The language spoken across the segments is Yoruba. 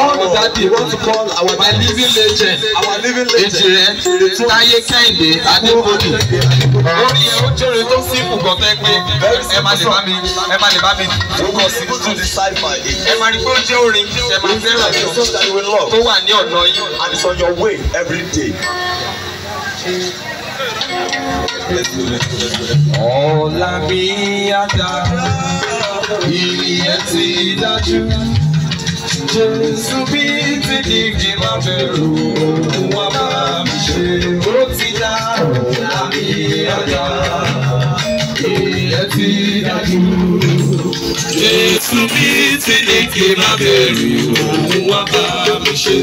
all the daddy want to call our my living legend our living legend ètò ayé kẹ́hìndé adébólú orí ẹ ó jẹ́rìí tó sípù kan tẹ́ pé ẹ má lè bá mi ẹ má lè bá mi lókọ̀ sí tún ẹ má rí pé ó jẹ́ orin ẹ má fẹ́ràn jọ tó wà ní ọ̀nà yìí. and it's on your way every day. ọ̀la mi á ìrìn ẹ̀ ti dájú. Jésù bí ti dìgì má bẹ̀rù òun wá máa mi ṣe. Ó ti dá àmì àjà ìyẹn ti dájú. Jésù bí ti dìgì má bẹ̀rù òun wá máa mi ṣe.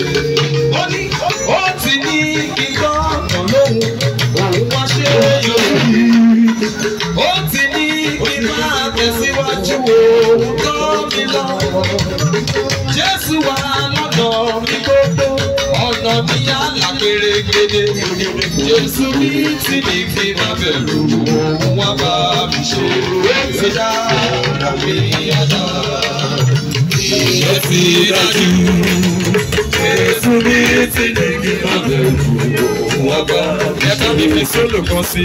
gbẹdẹgbẹdẹ jésù bí tí ní fi máa bẹ̀rù òun wá bá mi ṣe ẹ̀dá àbí ẹ̀dá ìyẹn ti dájú jésù bí tí ní fi máa bẹ̀rù òun wá bá mi ṣe. ẹ̀ka bíbí sólò kan sí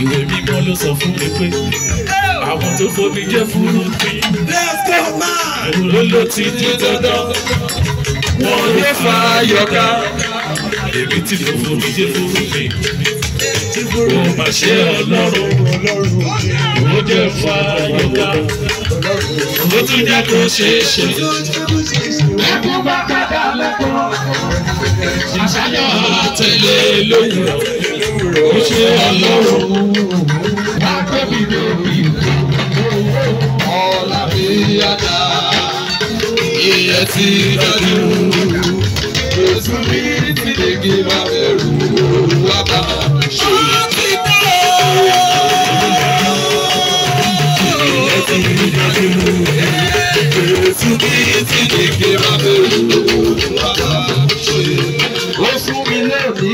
ìwé mímọ́ ló sọ fún mi pé àwọn tó fomi jẹ́ fúrú bí. ẹ̀rù ló lò tí di dandan wọn ò ní fa yọká èmi tí fòfò mi jẹ́ fòfò mi kò má ṣe ọlọ́run ó jẹ́ fa yọká ó tún jẹ́ kó ṣe é ṣe. ẹkún bá kàdá lẹ́kọ̀ọ́ àṣàyàn àtẹlẹ lóyún ó ṣe ọlọ́run ìyẹn ti dájú. Jésù ní tìdígì má bẹ̀rù wá bá. Ṣọ́ọ̀tì dá. Ìyẹn ti rí jáde mú. Jésù ní tìdígì má bẹ̀rù wá bá. Ó fún mi lẹ́ẹ̀dí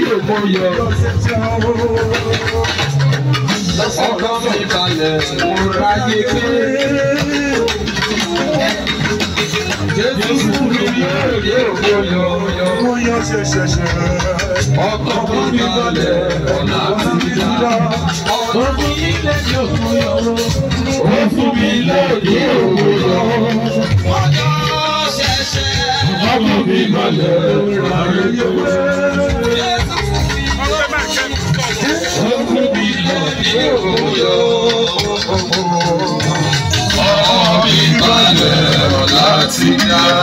mi balẹ̀, mo ráyè pé. Jésù mi yé òye òye òye ṣẹṣẹṣẹ. Ọkọ̀ fún mi lọlẹ̀ ọ̀nà fún mi lọ. Ọkọ̀ fún mi lẹ́yìn òkun yọ. Ó fún mi lẹ́yìn òkun yọ. Ọjọ́ ṣẹṣẹ. Ọkọ̀ mi lọlẹ̀ ọ̀nà fún mi lọ. Sita